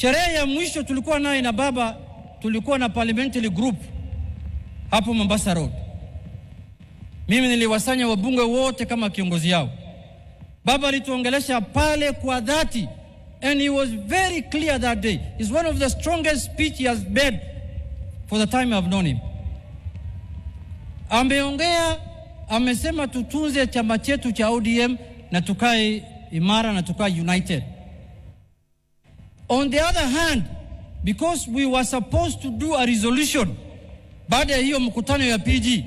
Sherehe ya mwisho tulikuwa naye na baba, tulikuwa na parliamentary group hapo Mombasa Road. Mimi niliwasanya wabunge wote kama kiongozi yao. Baba alituongelesha pale kwa dhati and he was very clear that day. It's one of the strongest speech he has made for the time I've known him. Ameongea, amesema tutunze chama chetu cha ODM na tukae imara na tukae united. On the other hand, because we were supposed to do a resolution baada ya hiyo mkutano ya PG.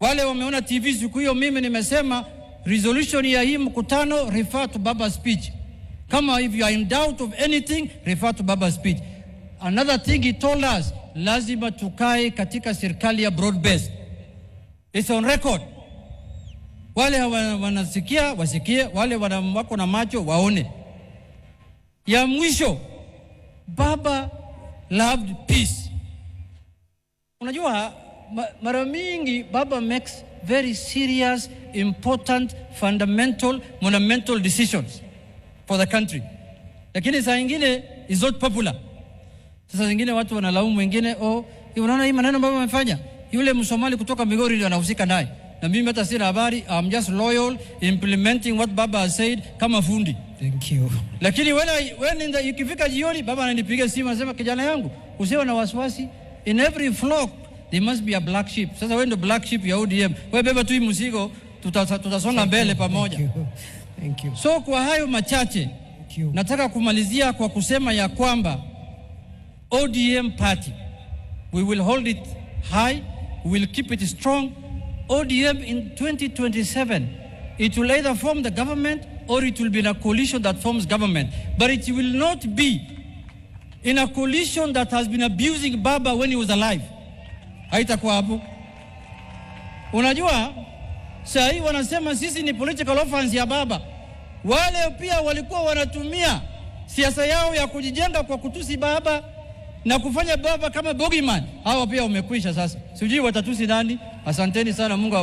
Wale wameona TV siku hiyo, mimi nimesema resolution ya hii mkutano, refer to baba speech. Kama if you are in doubt of anything, refer to baba speech. Another thing he told us, lazima tukae katika serikali ya broad based. It's on record. Wale wanasikia wasikie, wale wako na macho waone ya mwisho, baba loved peace. Unajua mara mingi baba makes very serious important fundamental monumental decisions for the country, lakini saa nyingine is not popular. Sasa zingine watu wanalaumu wengine, oh, unaona hii maneno ambayo wamefanya yule Msomali kutoka Migori ndio anahusika naye, na mimi hata sina habari. I'm just loyal implementing what baba has said kama fundi. Thank you. Lakini wewe ikifika jioni, baba ananipigia simu anasema, kijana yangu usiwe na wasiwasi, in every flock there must be a black sheep. Sasa wewe ndio black sheep ya ODM, wewe beba tu hii mzigo, tutasonga tuta mbele pamoja. Thank you. Thank you. So kwa hayo machache nataka kumalizia kwa kusema ya kwamba ODM party we will hold it high, we will keep it strong. ODM in 2027 it will either form the government or it will be in a coalition that forms government. But it will not be in a coalition that has been abusing Baba when he was alive. Haitakuwa hapo. Unajua, saa hii wanasema sisi ni political offense ya Baba. Wale pia walikuwa wanatumia siasa yao ya kujijenga kwa kutusi Baba na kufanya Baba kama bogeyman. Hawa pia wamekwisha sasa, sijui watatusi nani? Asanteni sana Mungu